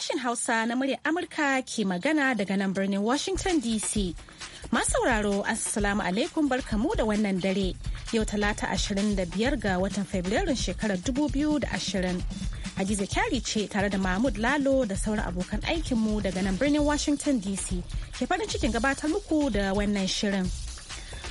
sashen Hausa na murya Amurka ke magana daga nan birnin Washington DC. Masu sauraro, Assalamu alaikum barkamu da wannan dare. Yau talata 25 ga watan Fabrairun shekarar 2020. Hadiza Kyari ce tare da Mahmud Lalo da sauran abokan aikinmu daga nan birnin Washington DC. Ke farin cikin gabatar muku da wannan shirin.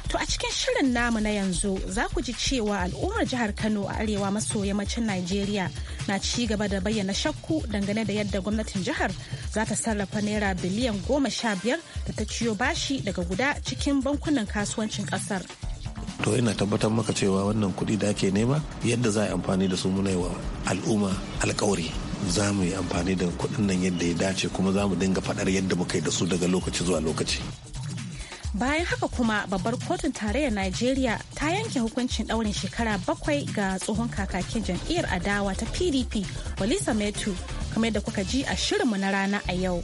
To a cikin shirin namu na yanzu za ku ji cewa al'ummar jihar Kano a arewa maso yammacin Najeriya na ci gaba da bayyana shakku dangane da yadda gwamnatin jihar za ta sarrafa naira biliyan goma sha biyar da ta ciyo bashi daga guda cikin bankunan kasuwancin kasar. To ina tabbatar maka cewa wannan kuɗi da ake nema yadda za a yi amfani da su muna wa al'umma alkawari. Za mu yi amfani da kuɗin nan yadda ya dace kuma za mu dinga faɗar yadda muka yi da su daga lokaci zuwa lokaci. bayan haka kuma babbar kotun tarayyar najeriya ta yanke hukuncin daurin shekara bakwai ga tsohon kakakin jam'iyyar adawa ta pdp walisa metu kamar da kuka ji a shirinmu na rana a yau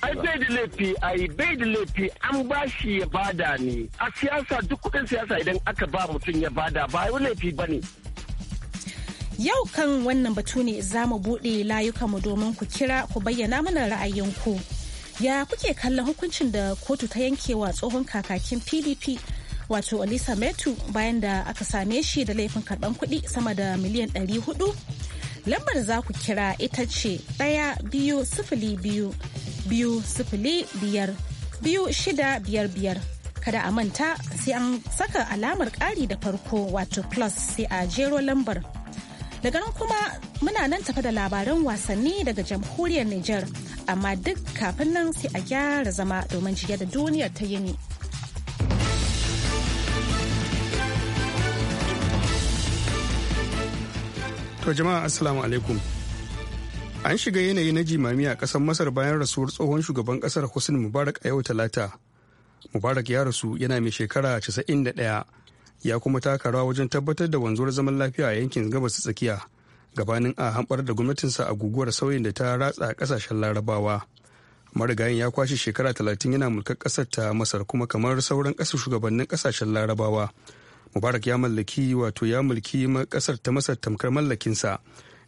ai bai da laifi ai bai da laifi an ba shi ya bada ne a siyasa duk kudin siyasa idan aka ba mutum ya bada ba yi laifi ba ne yau kan wannan batu ne za mu buɗe layukanmu domin ku kira ku bayyana mana ra'ayinku. ku ya kuke kallon hukuncin da kotu ta yankewa tsohon kakakin pdp wato alisa metu bayan da aka same shi da laifin karban kuɗi sama da miliyan 400 lambar za ku kira ita ce ɗaya biyu sifili biyu biyu sifili biyar biyu shida biyar biyar kada a manta sai an saka alamar ƙari da farko wato plus sai a jero lambar daga nan kuma muna nan tafa da labaran wasanni daga jamhuriyar niger amma duk kafin nan sai a gyara zama domin jiya da duniyar ta yini. To jama'a assalamu alaikum. An shiga yanayi na jimami a ƙasar Masar bayan rasuwar tsohon shugaban ƙasar Hussein Mubarak a yau Talata. Mubarak ya rasu yana mai shekara 91 ya kuma taka rawa wajen tabbatar da wanzuwar zaman lafiya a yankin gabas tsakiya. gabanin a hamɓar da gwamnatinsa a guguwar sauyin da ta ratsa ƙasashen larabawa marigayin ya kwashe shekara talatin yana mulkar ƙasar ta masar kuma kamar sauran ƙasar shugabannin ƙasashen larabawa mubarak ya mallaki wato ya mulki ƙasar ta masar tamkar mallakinsa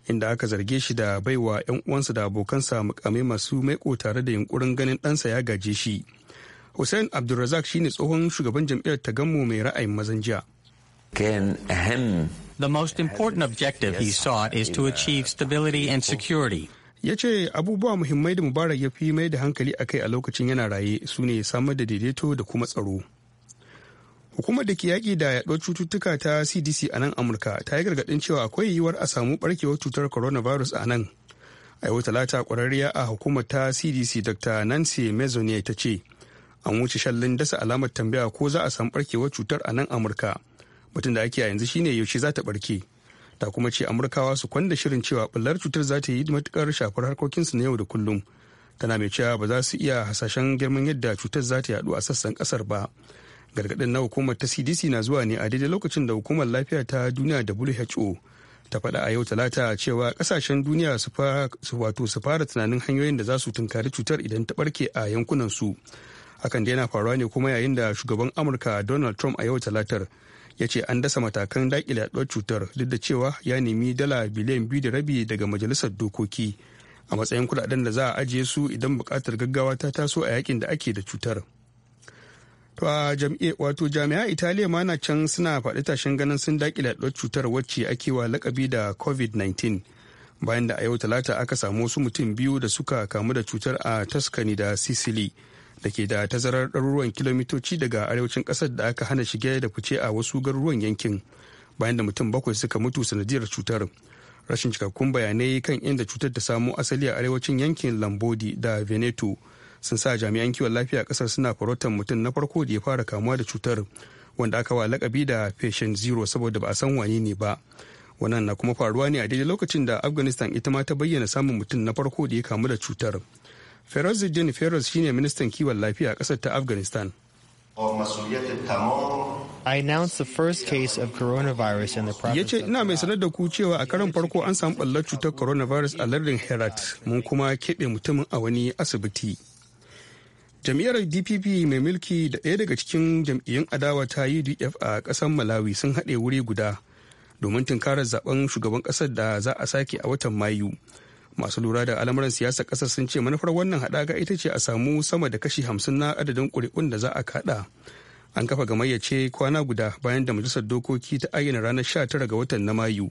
inda aka zarge shi da baiwa 'yan uwansa da abokansa mukamai masu maiko tare da yunkurin ganin ɗansa ya gaje shi hussein abdulrazak shine tsohon shugaban jam'iyyar tagammu mai ra'ayin mazan jiya The most important objective he sought is to achieve stability and security. ya ce abubuwa muhimmai da mubarak ya fi mai da hankali a kai a lokacin yana raye su ne samar da daidaito da kuma tsaro hukumar da ke yaƙi da yaɗuwar cututtuka ta cdc a nan amurka ta yi gargaɗin cewa akwai yiwuwar a samu ɓarkewar cutar coronavirus a nan a yau talata ƙwararriya a hukumar ta cdc dr nancy mezonier ta ce an wuce shallin dasa alamar tambaya ko za a samu barkewar cutar a nan amurka batun da ake a yanzu shine yaushe za ta barke ta kuma ce amurkawa su kwanda shirin cewa bullar cutar za ta yi matukar shafar harkokinsu na yau da kullum tana mai cewa ba za su iya hasashen girman yadda cutar za ta yaɗu a sassan kasar ba gargadin na hukumar ta cdc na zuwa ne a daidai lokacin da hukumar lafiya ta duniya who ta faɗa a yau talata cewa kasashen duniya su wato su fara tunanin hanyoyin da za su tunkari cutar idan ta barke a yankunan su hakan da yana faruwa ne kuma yayin da shugaban amurka donald trump a yau talatar ya ce an dasa matakan daƙile yaduwar cutar duk da cewa ya nemi dala biliyan biyu da rabi daga majalisar dokoki a matsayin kudaden da za a ajiye su idan buƙatar gaggawa ta taso a yakin da ake da cutar. To a jam'ia wato jami'a Italiya ma na can suna faɗi tashin ganin sun daƙile yaduwar cutar wacce ake wa lakabi da COVID-19 bayan da a yau talata aka samu wasu mutum biyu da suka kamu da cutar a Tuscany da Sicily. da ke da tazarar ɗaruruwan kilomitoci daga arewacin ƙasar da aka hana shige da fice a wasu garuruwan yankin bayan da mutum bakwai suka mutu sanadiyar cutar rashin cikakkun bayanai kan inda cutar ta samo asali a arewacin yankin lambodi da veneto sun sa jami'an kiwon lafiya ƙasar suna farautar mutum na farko da ya fara kamuwa da cutar wanda aka wa lakabi da patient zero saboda ba a san wane ne ba wannan na kuma faruwa ne a daidai lokacin da afghanistan ita ma ta bayyana samun mutum na farko da ya kamu da cutar Ferozuddin Feroz shine ministan kiwon lafiya a ƙasar ta Afghanistan. I announced first case of coronavirus in Ya ce ina mai sanar da ku cewa a karan farko an samu ɓallar cutar coronavirus a lardin Herat mun kuma keɓe mutumin a wani asibiti. Jam'iyyar DPP mai mulki da ɗaya daga cikin jam'iyyun adawa ta UDF a ƙasar Malawi sun haɗe wuri guda domin tunkarar zaben shugaban ƙasar da za a sake a watan Mayu. masu lura da al'amuran siyasar kasar sun ce manufar wannan haɗaka ita ce a samu sama da kashi hamsin na adadin kuri'un da za a kaɗa an kafa gamayya ce kwana guda bayan da majalisar dokoki ta ayyana ranar sha tara ga watan na mayu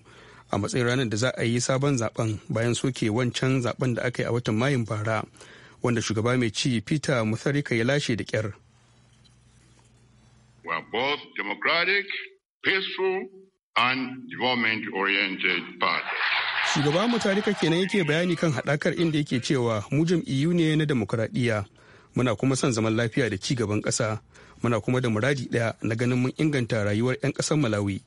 a matsayin ranar da za a yi sabon zaben bayan soke wancan zaben da aka yi a watan mayun bara wanda shugaba mai ci peter mutharika ya lashe da kyar both democratic, peaceful, and development-oriented parties. shugaba mutarika kenan yake bayani kan haɗakar inda yake cewa mu jam'iyyu ne na demokuraɗiyya muna kuma son zaman lafiya da ci gaban ƙasa muna kuma da muradi ɗaya na ganin mun inganta rayuwar 'yan ƙasar malawi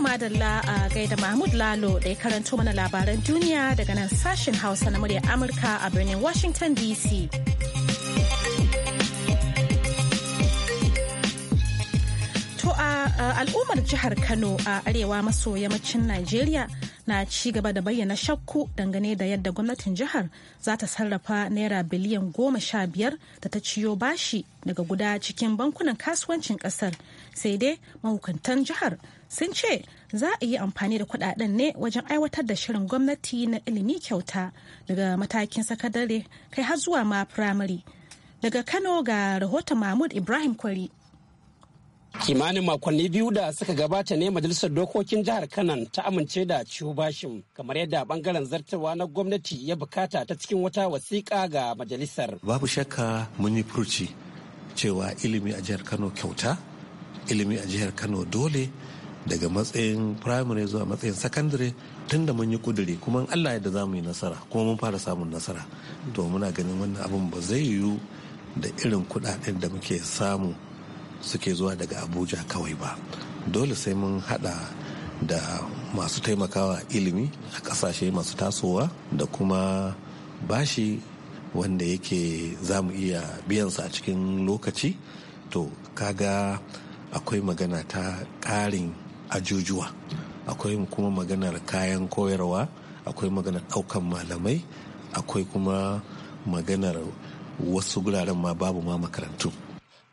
madalla a gaida Mahmud Lalo da ya karanto mana labaran duniya daga nan sashen Hausa na murya Amurka a birnin Washington DC. a al'ummar jihar Kano a arewa maso yammacin Najeriya na ci gaba da bayyana shakku dangane da yadda gwamnatin jihar za ta sarrafa naira biliyan goma sha biyar da ta ciyo bashi daga guda cikin bankunan kasuwancin kasar sai dai mahukuntan jihar sun ce za a yi amfani da kudaden ne wajen aiwatar da shirin gwamnati na ilimi kyauta daga matakin sakadare kai har zuwa ma firamare daga kano ga rahoton mahmud ibrahim kwari kimanin makonni biyu da suka gabata ne majalisar dokokin jihar kanan ta amince da ciwo bashin kamar yadda bangaren zartarwa na gwamnati ya bukata ta cikin wata wasiƙa ga majalisar babu shakka mun yi furci cewa ilimi a jihar kano kyauta ilimi a jihar kano dole daga matsayin primary zuwa matsayin secondary tun da mun yi kuduri kuma allah yadda za mu yi nasara kuma mun fara samun nasara to muna ganin wannan abin ba zai yiwu da irin kuɗaɗen da muke samu suke zuwa daga abuja kawai ba dole sai mun hada da masu taimakawa ilimi a kasashe masu tasowa da kuma bashi wanda yake za mu iya biyansa a cikin lokaci to kaga akwai magana ta ƙarin ajujuwa akwai kuma maganar kayan koyarwa akwai maganar ɗaukan malamai akwai kuma maganar wasu guraren ma babu ma makarantu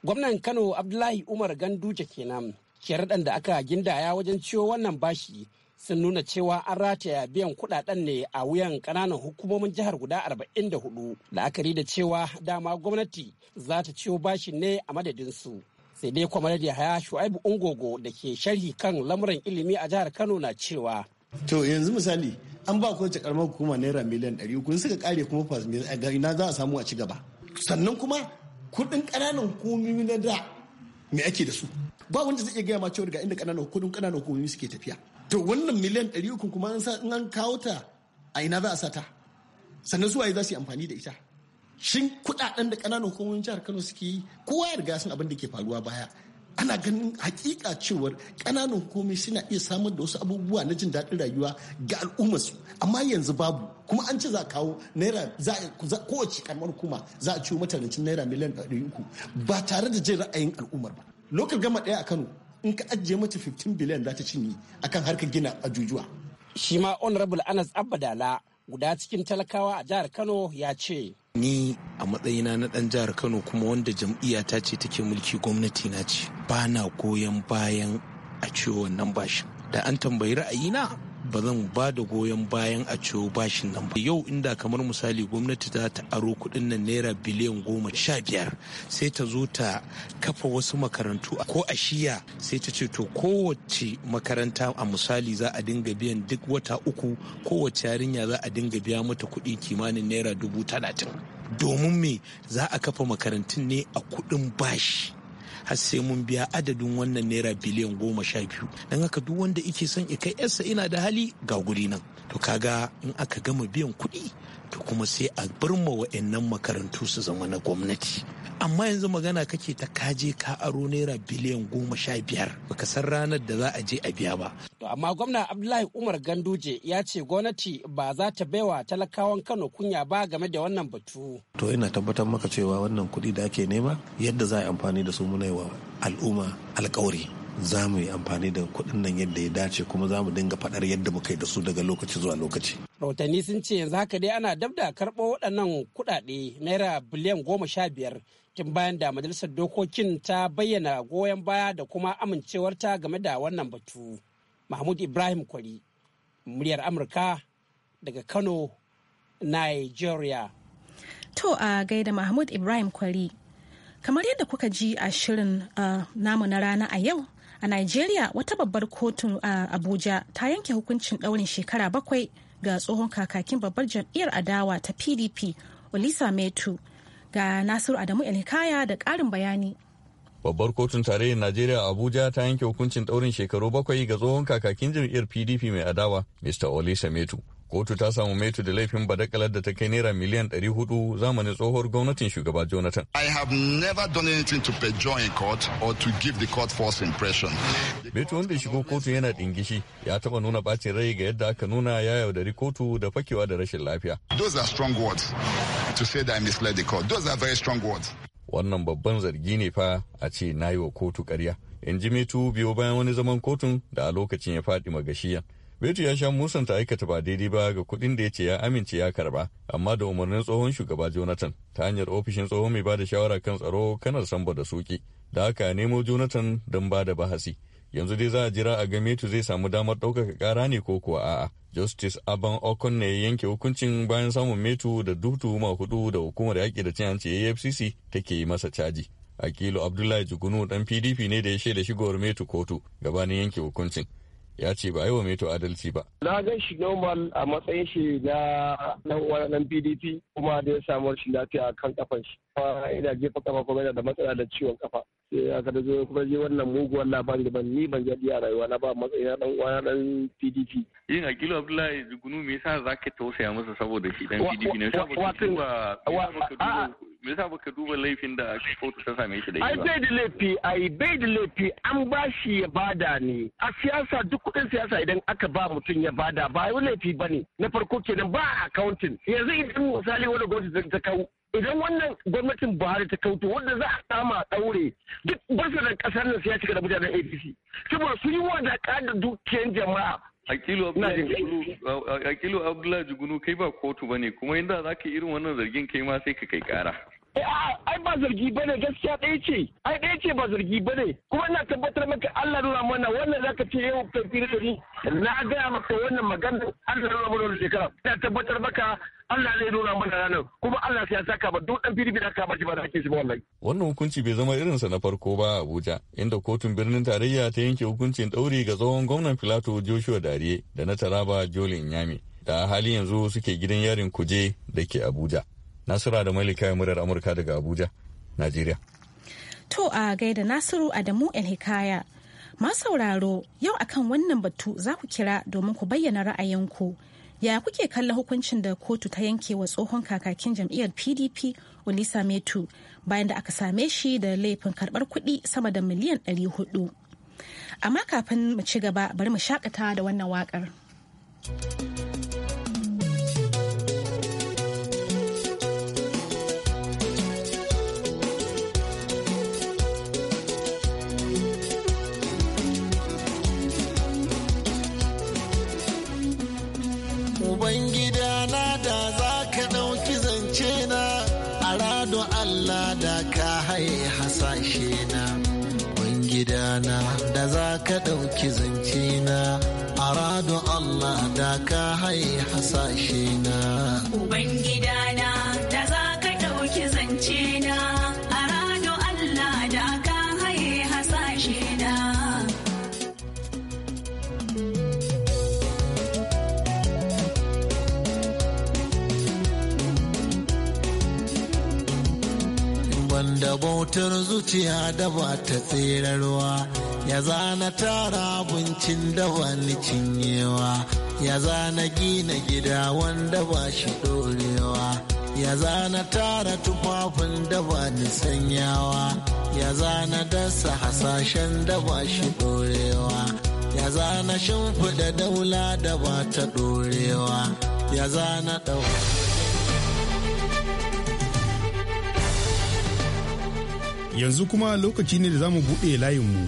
gwamnan kano abdullahi umar ganduje kenan sharaɗan da aka gindaya wajen ciwo wannan bashi sun nuna cewa an rataya biyan kudaden ne a wuyan ƙananan hukumomin jihar guda 44 la'akari da cewa dama gwamnati za ta ciwo bashi ne a madadinsu sai dai kwamar da haya shu'aibu ungogo da ke sharhi kan lamuran ilimi a jihar kano na cewa to yanzu misali an ba kowace karamar hukuma naira miliyan 300 kun suka kare kuma ina za a samu a ci gaba sannan kuma kudin ƙananan hukumomi na da me ake da su ba wanda zai iya gaya ma cewa ga inda ƙananan kudin ƙananan hukumomi suke tafiya to wannan miliyan ɗari uku kuma in an kawo ta a ina za a sata sannan su waye za su yi amfani da ita shin kuɗaɗen da ƙananan hukumomin jihar kano suke yi kowa ya riga sun abin da ke faruwa baya ana ganin hakika cewar ƙananan komai suna iya samar da wasu abubuwa na jin daɗin rayuwa ga al'ummarsu amma yanzu babu kuma an ce za a kawo naira za a kowace karamar hukuma za a ciwo mata naira miliyan ɗari uku ba tare da jin ra'ayin al'ummar ba lokal gama ɗaya a kano in ka ajiye mata 15 biliyan za ta cinye akan harkar gina ajujuwa shi ma honorable anas abadala guda cikin talakawa a jihar kano ya ce ni a matsayina na ɗan jihar kano kuma wanda jam'iyyata ce take mulki gwamnati na ce ba na goyon bayan a ciwo wannan bashin da an tambayi ra'ayina ba zan ba da goyon bayan a ciwo bashin nan ba yau inda kamar misali gwamnati za ta aro kudin nan naira biliyan goma sha biyar sai ta zo ta kafa wasu makarantu a ko a shiya sai ta ce to kowace makaranta a misali za a dinga biyan duk wata uku kowace yarinya za a dinga biya mata kuɗi kimanin naira dubu talatin domin me za a kafa makarantun ne a kuɗin bashi har sai mun biya adadin wannan naira biliyan goma sha biyu don haka duk wanda ike son kai yarsa ina da hali ga guri nan to kaga in aka gama biyan kuɗi to kuma sai a bar ma wa'annan makarantu su zama na gwamnati amma yanzu magana kake ta kaje ka aro naira biliyan goma sha biyar baka san ranar da za a je a biya ba. amma gwamna abdullahi umar ganduje ya ce gwamnati ba za ta baiwa talakawan kano kunya ba game da wannan batu. to ina tabbatar maka cewa wannan kuɗi da ake nema yadda za a yi amfani da su muna wa al'umma alkawari za mu yi amfani da kuɗin nan yadda ya dace kuma za mu dinga faɗar yadda muka yi da su daga lokaci zuwa lokaci. rahotanni sun ce yanzu haka dai ana dabda da karɓo waɗannan kuɗaɗe naira biliyan goma sha biyar tun bayan da majalisar dokokin ta bayyana goyon baya da kuma amincewarta game da wannan batu mahmud ibrahim kwari muryar amurka daga kano nigeria to a gaida mahmud ibrahim kwari kamar yadda kuka ji a shirin namu na rana a yau a nigeria wata babbar kotun a abuja ta yanke hukuncin ɗaurin shekara bakwai ga tsohon kakakin babbar jam'iyyar adawa ta pdp olisa metu ga nasiru adamu elhikaya da ƙarin bayani babbar kotun tarayyar najeriya abuja ta yanke hukuncin ɗaurin shekaru bakwai ga tsohon kakakin jam'iyyar pdp mai adawa mr ole sametu kotu ta samu metu da laifin badakalar da ta kai naira miliyan 400 zamanin tsohuwar gwamnatin shugaba jonathan i have never done anything to perjure in court or to give the court false impression metu wanda shigo kotu yana dingishi ya taba nuna bacin rai ga yadda aka nuna ya yaudari kotu da fakewa da rashin lafiya those are strong words to say that i misled the court those are very strong words wannan babban zargi ne fa a ce na yi wa kotu karya in ji metu biyo bayan wani zaman kotun da a lokacin ya faɗi magashiyan Betu ya sha musan ta aikata ba daidai ba ga kuɗin da ya ce ya amince ya karba, amma da umarnin tsohon shugaba Jonathan ta hanyar ofishin tsohon mai bada shawara kan tsaro kanar Sambo da Suki, da haka nemo Jonathan don ba da bahasi. Yanzu dai za a jira a ga Metu zai samu damar ɗaukaka ƙara ne ko kuwa a'a. Justice Aban Okon ne ya yanke hukuncin bayan samun Metu da ma hudu da hukumar yaƙi da cin hanci AFCC take yi masa caji. Akilu Abdullahi Jugunu dan PDP ne da ya shaida shigowar Metu kotu gabanin yanke hukuncin. ya ce ba a yi wa meto adalci ba. Na gan shi normal a matsayin shi na dan PDP kuma da ya samu rashin lafiya a kan kafan shi. Ina jefa kafa kuma yana da matsala da ciwon kafa. sai eh, aka da zo kuma je wannan muguwar labarin da ban ni ban ji a rayuwa na ba na dan uwa na dan PDP yin eh, akilu Abdullahi Jugunu me yasa zaka tausaya masa saboda shi dan PDP ne saboda me yasa baka duba laifin da kotu ta same shi da ai bai da laifi ai bai da laifi an ba shi ya bada ne a siyasa duk kudin siyasa idan aka ba mutum ya bada ba wani laifi bane na farko kenan ba accounting yanzu idan misali wani gwamnati ta kawo idan wannan gwamnatin buhari ta kautu wanda za a kama daure duk da kasar nan sai ya cika da mutanen apc saboda sun yi wadaka da dukiyar jama'a akilu abdullahi jugunu kai ba kotu ba ne kuma inda za ka irin wannan zargin kai ma sai ka kai kara Eh, ai ba zargi bane gaskiya ɗaya ce ai ɗaya ce ba zargi bane kuma ina tabbatar maka Allah nuna mana wannan zaka ce yau kai da ni na gaya maka wannan magana Allah nuna mana wannan shekara ina tabbatar maka Allah zai nuna mana ranar kuma Allah sai ya saka ba duk dan da ka ba shi ba da ake shi ba wallahi wannan hukunci bai zama irin sa na farko ba Abuja inda kotun birnin tarayya ta yanke hukuncin ɗauri ga tsohon gwamnan Filato Joshua Dariye da na Taraba Jolin Nyami da hali yanzu suke gidan yarin kuje da ke Abuja. Nasura da Malika murar Amurka daga Abuja, Najeriya. To a gaida Nasiru Adamu El Hikaya. sauraro yau akan wannan batu za ku kira domin ku bayyana ra'ayinku. Ya kuke kalla hukuncin da kotu ta yanke wa tsohon kakakin jam'iyyar PDP Ulisa Metu bayan da aka same shi da laifin karbar kuɗi sama da miliyan 400. Amma kafin mu ci gaba bari mu shakata da wannan waƙar. ka ɗauki zance na aradu Allah da ka hai hasashe na ubangida na da za ka ɗauki zance na aradu Allah da ka hai hasashe na banda bautar zuciya da ba ta tserarwa ya zana tara abincin da wani cinyewa ya zana gina gida wanda ba shi dorewa ya zana tara tufafin da ba ni sanyawa ya zana dasa hasashen da ba shi dorewa ya zana shimfiɗa daula da ba ta dorewa ya zana ɗauka. yanzu kuma lokaci ne da za mu buɗe layinmu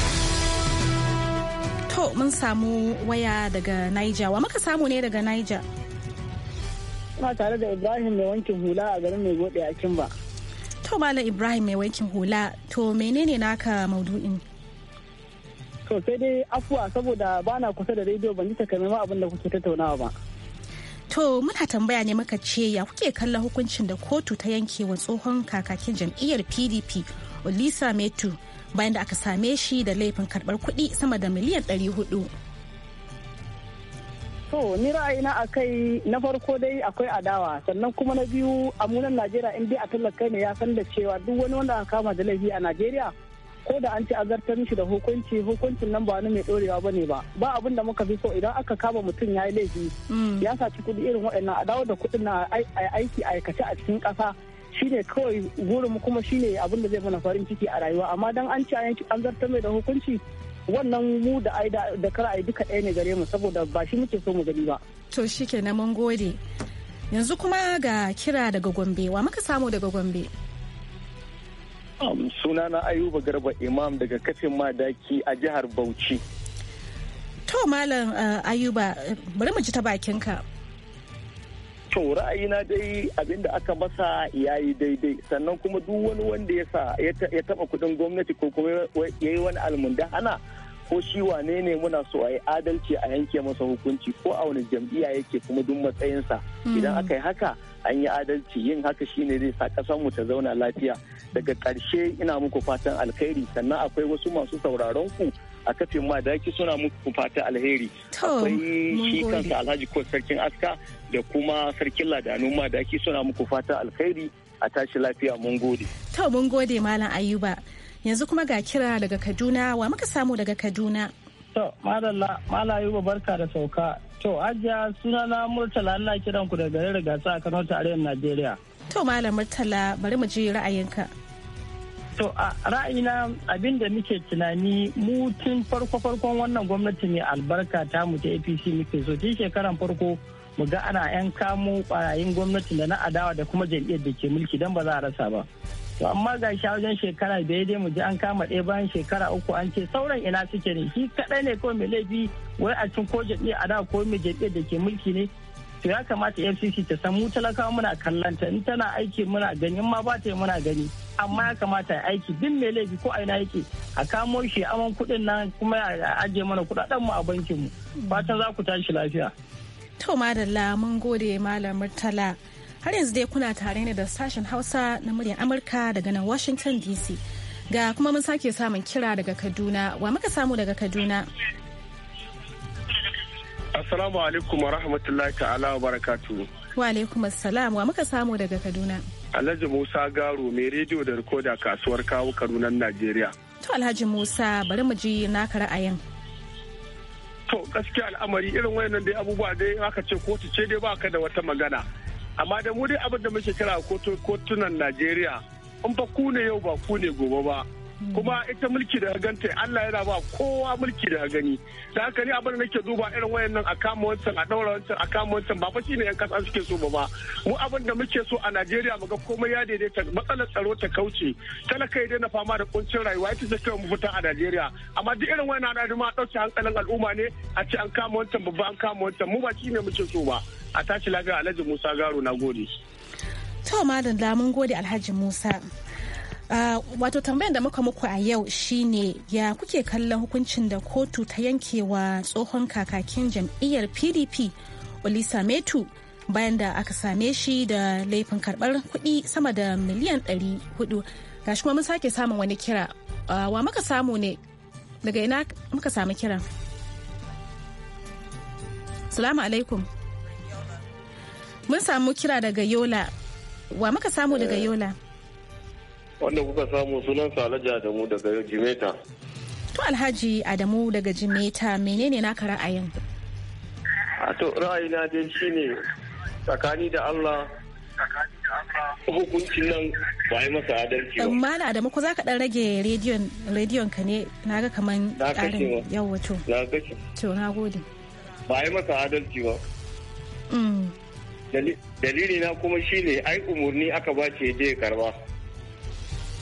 mun samu waya daga Niger. Wa muka samu ne daga Niger? Ina tare da Ibrahim mai wankin hula a garin mai gode a Kimba. To Malam Ibrahim mai wankin hula, to menene naka maudu'in? To sai dai afuwa saboda bana kusa da rediyo ban ji takamaiman abin da kuke tattaunawa ba. To muna tambaya ne muka ce ya kuke kalla hukuncin da kotu ta yanke wa tsohon kakakin jam'iyyar PDP Olisa Metu bayan da aka same shi da laifin karbar kuɗi sama da miliyan 400. To, ni ra'ayina a kai na farko dai akwai adawa, sannan kuma na biyu amunan Najeriya in dai a tallaka ne ya san da cewa duk wani wanda aka kama da laifi a Najeriya ko da an ci azartar mishi da hukunci hukuncin nan ba wani mai ɗorewa ba ne ba ba abin da muka fi so idan aka kama mutum ya yi laifi mm. ya saci kuɗi irin waɗannan adawa da kuɗin na aiki a aikace a cikin ƙasa shine kawai burinmu kuma shine abin da zai mana farin ciki a rayuwa amma dan an ci an zarta mai da hukunci wannan mu da ai da kar ai duka ɗaya ne gare mu saboda ba shi muke so mu gani ba to na mun gode yanzu kuma ga kira daga gombe wa muka samu daga gombe suna na ayuba garba imam daga kafin madaki a jihar bauchi to malam eh, ayuba eh, bari mu ji ta bakinka to ra'ayina dai abinda aka masa ya yi daidai sannan kuma duk wani wanda ya sa ya taba kudin gwamnati ko kuma ya yi wani almundahana ko shi wane ne muna so a yi adalci a yanke masa hukunci ko a wani jam'iyya yake kuma duk matsayinsa hmm. idan aka yi haka an yi adalci yin haka shine zai sa mu ta zauna lafiya daga ƙarshe ina muku fatan alkhairi sannan akwai wasu masu sauraron ku a kafin ma yake suna muku fata alheri akwai shi kansa alhaji ko sarkin aska da kuma sarkin ladanun ma yake suna muku fata alheri a tashi lafiya mun gode to mun gode malam ayuba yanzu kuma ga kira daga kaduna wa muka samu daga kaduna to madalla malam ayuba barka da sauka to ajiya suna na murtala Allah kiran ku daga garin rigasa a Kano tarayyar Najeriya to malam murtala bari mu ji ra'ayinka To a ra'ayina abinda muke tunani mu tun farko-farkon wannan gwamnati mai albarka ta mu ta APC muke so tun shekaran farko mu ga ana 'yan kamo barayin gwamnati da na adawa da kuma jam'iyyar da ke mulki don ba za a rasa ba. To amma ga shi wajen shekara biyar dai mu ji an kama ɗaya bayan shekara uku an ce sauran ina suke ne shi kaɗai ne kawai mai laifi wai a cin ko jam'iyyar adawa ko mai jam'iyyar da ke mulki ne to ya kamata fcc ta san mu talakawa muna kallanta in tana aiki muna gani in ma ba ta yi muna gani amma ya kamata ya aiki din mai laifi ko aina yake a kamo shi aman kuɗin nan kuma ya ajiye mana kuɗaɗen mu a bankin mu fatan za ku tashi lafiya. to madalla mun gode malam murtala har yanzu dai kuna tare ne da sashen hausa na muryar amurka daga nan washington dc ga kuma mun sake samun kira daga kaduna wa muka samu daga kaduna. Assalamu alaikum wa rahmatullahi ta'ala wa barakatu. Wa alaikum assalam wa muka samu daga Kaduna. Alhaji Musa Garo mai rediyo da rikoda kasuwar kawo Kadunan Najeriya. To Alhaji Musa bari mu ji naka ra'ayin. To gaskiya al'amari irin wayannan dai abubuwa dai haka ce kotu ce dai baka da wata magana. Amma da mu dai abin da muke kira kotunan Najeriya in ba ku ne yau ba ku ne gobe ba. kuma ita mulki da ganta Allah yana ba kowa mulki da gani da haka ni abin da nake duba irin wayannan a kama wancan a daura wancan a kama wancan ba fa shine yan kasa suke so ba ba mu abin da muke so a Najeriya muga komai ya daidaita matsalar tsaro ta kauce talaka ya daina fama da kuncin rayuwa ita ce kawai fita a Najeriya amma duk irin wayannan da ma dauke hankalin al'umma ne a ce an kama wancan babba an kama wancan mu ba shine muke so ba a tashi lafiya Alhaji Musa Garo na gode to madan da mun gode Alhaji Musa Ah, wato tambayan da muka muku a yau shine ya kuke kallon hukuncin da kotu ta yankewa tsohon kakakin jam'iyyar pdp olisa metu bayan da aka same shi da laifin karbar kuɗi sama da miliyan 400 gashi kuma mun sake samun wani kira ah, wa muka samu ne daga ina muka samu kira salamu alaikum mun samu kira daga yola wa muka samu daga eh, yola Wanda kuka samu sunan alhaji Adamu daga Jimeta. To Alhaji Adamu daga Jimeta menene naka ra'ayin? A to ra'ayina dai shine tsakani da Allah hukuncin nan ba yi masa adalci ba. amma na Adamu ko za ka ɗan rage rediyon ka ne na ga kaman karin yawa to. Na kashe. To na gode. Ba yi masa adalci ba. Mm. Dalili na kuma shine ai umarni aka ba ce je karba.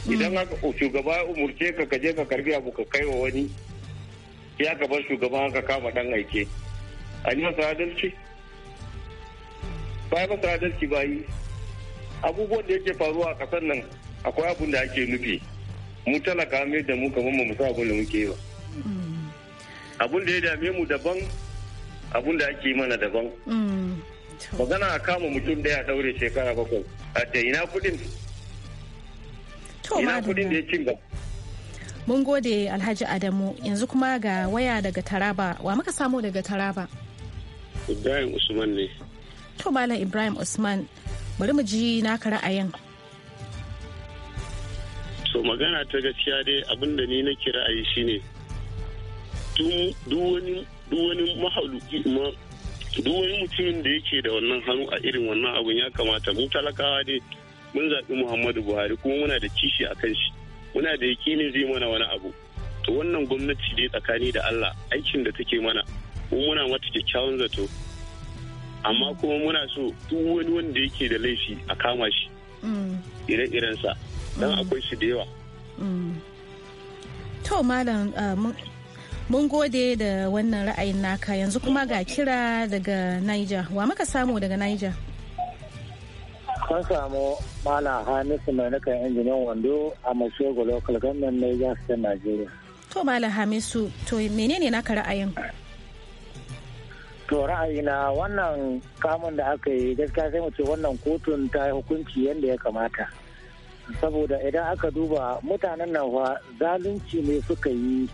idan haka shugaba ya umurce ka ka je ka karbi abu ka kai wa wani ya ka bar shugaban ka kama dan aike a yi masa adalci ba masa adalci ba yi abubuwan da yake faruwa a kasar nan akwai abun da ake nufi mu talaka mai da mu kamar mu musa abun da muke ba abun da ya dame mu daban abun da ake mana daban mm. Mm. magana a kama mutum daya a daure shekara bakwai a ina kudin To ma Mun gode Alhaji Adamu yanzu kuma ga waya daga Taraba wa muka samu daga Taraba. Ibrahim Usman ne. To Malam Ibrahim Usman bari mu ji naka ra'ayin. So magana ta gaskiya dai abinda ni na kira ayi shine duk wani mahaluki duk wani mutumin da yake da wannan hannu a irin wannan abun ya kamata mu talakawa dai mun zaɓi muhammadu buhari kuma muna da kishi a kan shi muna da yakinin zai mana wani abu to wannan gwamnati dai tsakani da allah aikin da take mana kuma muna mata kyakkyawan zato amma kuma muna so duk wani wanda yake da laifi a kama shi ire mm. iren sa don mm. akwai su da yawa mm. to malam uh, mun gode da wannan ra'ayin naka yanzu kuma ga kira daga niger wa muka samu daga niger an samu mala hamisu mai nakan injiniyan wando a mashego local government na yasa najeriya to mala hamisu to menene naka ra'ayin to ra'ayina wannan kamun da aka yi gaskiya sai mu ce wannan kotun ta yi hukunci yadda ya kamata saboda idan aka duba mutanen nan fa zalunci ne suka yi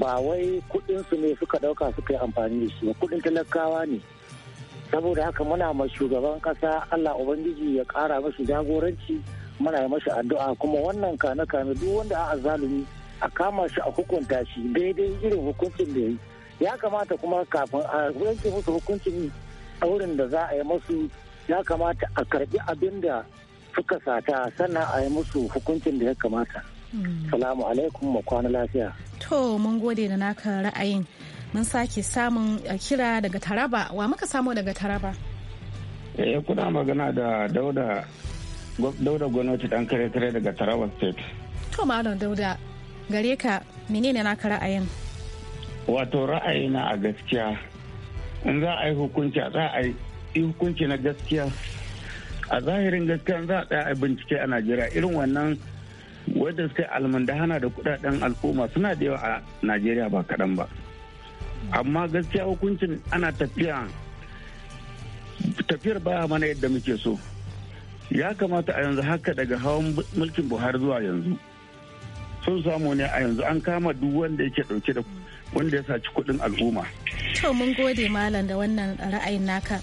ba wai kudin ne suka dauka suka yi amfani da shi kudin talakawa ne saboda haka muna ma shugaban kasa allah ubangiji ya kara mashi jagoranci muna yi mashi addu'a kuma wannan kane kane duk wanda a zalumi a kama shi a hukunta shi daidai irin hukuncin da ya yi ya kamata kuma kafin a yanke musu hukuncin wurin da za a yi musu ya kamata a karbi abin da suka sata sannan a yi musu hukuncin da ya kamata hmm. salamu alaikum mu kwana lafiya to mun gode da naka ra'ayin mun sake samun uh, kira daga taraba wa muka samu daga taraba eh kuna magana da dauda dauda gwamnati dan kare kare daga taraba state to malam dauda gare ka menene naka ra'ayin wato ra'ayina a gaskiya in za a yi hukunci a yi hukunci na gaskiya a zahirin gaskiya za a yi bincike a najeriya irin wannan wadda suka almandahana da kudaden al'umma suna da yawa a najeriya ba kaɗan ba amma gaskiya hukuncin ana tafiya tafiyar baya mana yadda muke so ya kamata a yanzu haka daga hawan mulkin buhari zuwa yanzu sun samu ne a yanzu an kama duk wanda yake dauke da wanda ya saci kudin al'umma to mun gode malam da wannan ra'ayin naka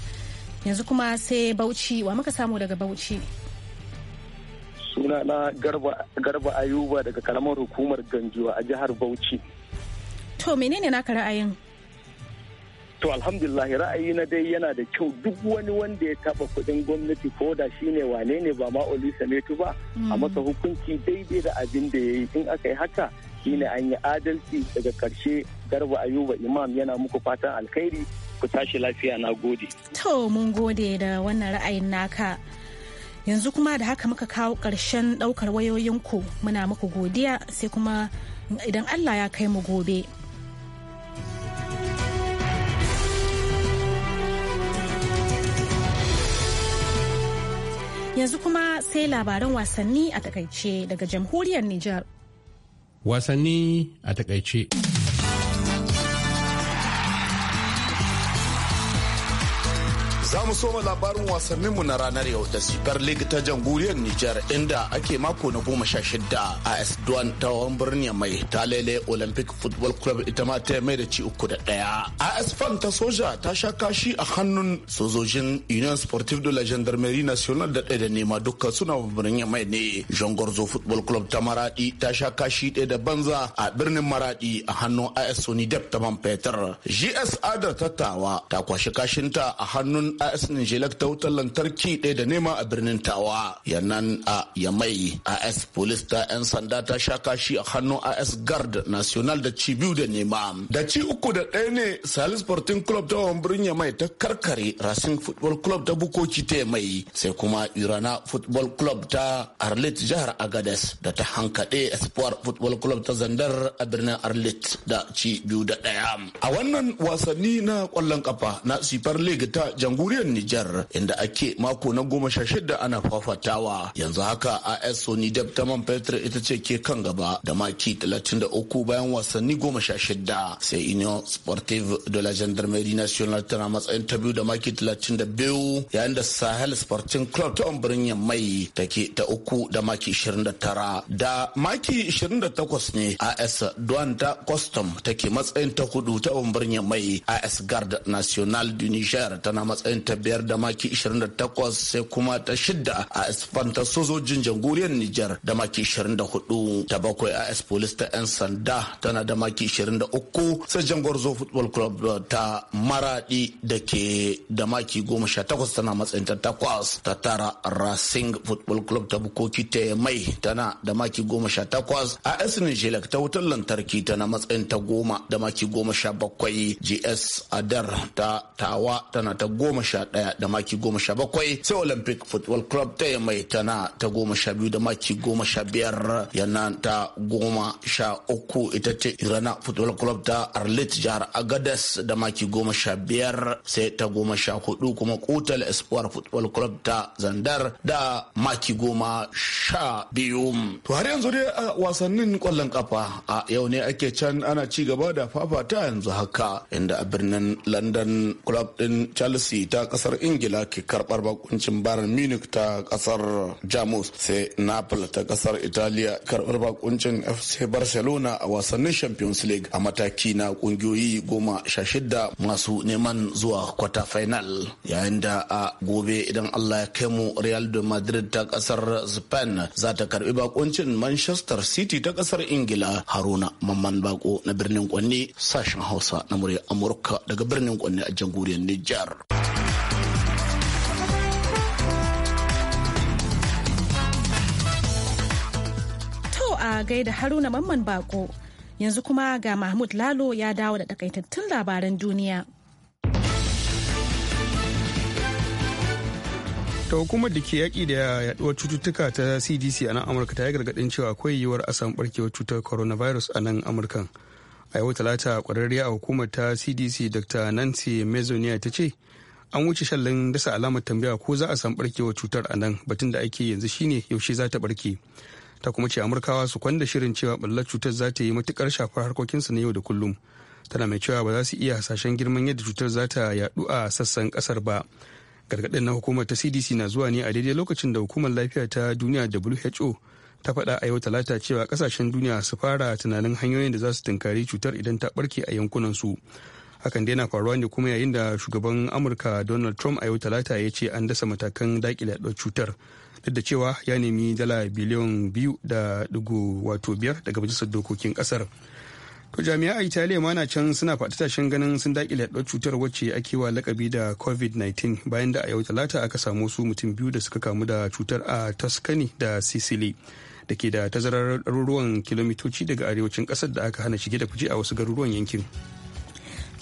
yanzu kuma sai bauchi wa muka samu daga bauchi suna na garba ayuba daga karamar hukumar ganjuwa a jihar bauchi To menene naka ra'ayin? To alhamdulillah ra'ayi na dai yana da kyau duk wani wanda ya taba kudin gwamnati ko da shi ne wane ne ba ma olisa ne ba mm. a masa hukunci daidai da abin da ya yi in aka yi haka shine an yi adalci daga karshe garba ayuba imam yana muku fatan alkhairi ku tashi lafiya na gode. To mun gode da wannan ra'ayin naka. Yanzu kuma da haka muka kawo ƙarshen ɗaukar wayoyinku muna muku godiya sai kuma idan Allah ya kai mu gobe. Yanzu kuma sai labaran wasanni a takaice daga jamhuriyar Nijar. Wasanni a takaice. Za mu soma labarin wasanninmu na ranar yau da Super League ta jamhuriyar Nijar inda ake mako na goma sha shida a S Duan ta birnin mai ta lele Olympic Football Club ita ma ta mai da ci uku da ɗaya. AS Fan ta soja ta sha kashi a hannun sojojin Union Sportive de la Gendarmerie national da ɗaya da nema dukkan suna birnin mai ne. Jean Gorzo Football Club ta Maradi ta sha kashi ɗaya da banza a birnin Maradi a hannun AS Sonidep ta Man Peter. GS Adar Tattawa ta kwashi kashinta a hannun asinin jelak ta wutar lantarki ɗaya da nema a birnin Tawa. Yannan a Yamai AS Police ta 'yan sanda ta sha kashi a hannun AS Guard National da ci biyu da nema. Da ci uku da ɗaya ne Salis Sporting Club ta Wambirin Yamai ta karkare Racing Football Club ta Bukoki ta Yamai sai kuma Irana Football Club ta Arlit jihar Agades da ta hankaɗe Espoir Football Club ta Zandar a birnin Arlit da ci biyu da ɗaya. A wannan wasanni na ƙwallon kafa na Super League ta Janguri jamhuriyar Nijar inda ake mako na goma sha shida ana fafatawa. Yanzu haka AS Sony Deb ta man fetur ita ce ke kan gaba da maki 33 bayan wasanni goma sha shida. Sai Union Sportive de la Gendarmerie Nationale tana matsayin ta biyu da maki 32 yayin da Sahel Sporting Club ta Umbirin Mai, take ta uku da maki 29 da maki 28 ne AS Duanta Custom take matsayin ta hudu ta Umbirin Mai AS Guard National du Niger tana matsayin matsayin ta biyar da maki 28 sai kuma ta shidda a Espan sojojin jamhuriyar Nijar da maki 24 ta bakwai a Espolis ta 'yan sanda tana da maki 23 sai jangwar zo Football Club ta Maradi da ke da maki 18 tana matsayin ta takwas ta tara Racing Football Club ta Bukoki ta mai tana da maki 18 a AS Nijelek ta wutar lantarki tana matsayin ta goma da maki 17 GS Adar ta Tawa tana ta goma 11 da maki 17 sai olympic football club ta mai tana ta 12 da maki 15 yana ta 13 ita ce irana football club ta arlit jihar agadas da maki 15 sai ta 14 kuma kutal espoir football club ta zandar da maki 12 to har yanzu dai a wasannin kwallon kafa a yau ne ake can ana ci gaba da fafata yanzu haka inda a birnin london club din chelsea ta kasar ingila ke karbar bakuncin bayern munich ta kasar jamus sai napoli ta kasar italiya karbar bakuncin fc barcelona a wasannin champions league a mataki na kungiyoyi goma sha shida masu neman zuwa kwata final yayin da a gobe idan allah ya kai mu real de madrid ta kasar spain za ta karbi bakuncin manchester city ta kasar ingila haruna mamman bako na birnin kwanne sashen hausa na murya amurka daga birnin kwanne a jamhuriyar nijar. a gaida Haruna Mamman Bako. Yanzu kuma ga Mahmud Lalo ya dawo da takaitattun labaran duniya. ta hukumar da ke yaƙi da yaɗuwar cututtuka ta cdc a nan amurka ta yi gargaɗin cewa akwai yiwuwar a samu barkewar cutar coronavirus a nan amurka a yau talata kwararriya a hukumar ta cdc dr nancy mezonia ta ce an wuce shallin dasa alamar tambaya ko za a samu barkewar cutar a nan batun da ake yanzu shine yaushe za ta barke ta kuma ce amurkawa su kwanda shirin cewa ɓallar cutar za ta yi matukar shafar harkokinsu na yau da kullum tana mai cewa ba za su iya hasashen girman yadda cutar za ta yaɗu a sassan ƙasar ba gargaɗin na hukumar ta cdc na zuwa ne a daidai lokacin da hukumar lafiya ta duniya who ta faɗa a yau talata cewa ƙasashen duniya su fara tunanin hanyoyin da za su tunkari cutar idan ta ɓarke a yankunansu hakan dai na faruwa ne kuma yayin da shugaban amurka donald trump a yau talata ya ce an dasa matakan daƙile cutar duk da cewa ya nemi dala biliyon biyu da digo wato biyar daga majalisar dokokin kasar to jami'a a italiya ma na can suna faɗi tashin ganin sun daƙile yaɗuwar cutar wacce ake wa lakabi da covid-19 bayan da a yau talata aka samu su mutum biyu da suka kamu da cutar a tuscany da sicily da ke da tazarar ɗaruruwan kilomitoci daga arewacin ƙasar da aka hana shige da fice a wasu garuruwan yankin.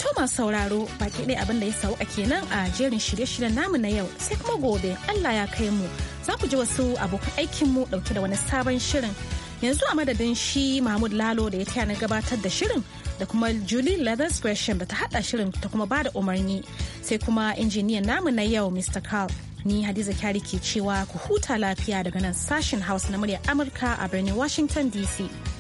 Thomas sauraro baki ɗaya abin da ya sauka kenan a jerin shirye-shiryen namu na yau sai kuma gobe Allah ya kai mu za ku ji wasu abokan aikinmu ɗauke da wani sabon shirin. Yanzu a madadin shi Mahmud Lalo da ya taya na gabatar da shirin da kuma Julie Leathers Gresham da ta haɗa shirin ta kuma ba da umarni sai kuma injiniyan namu na yau Mr. Carl. Ni Hadiza Kyari ke cewa ku huta lafiya daga nan sashen House na muryar Amurka a birnin Washington DC.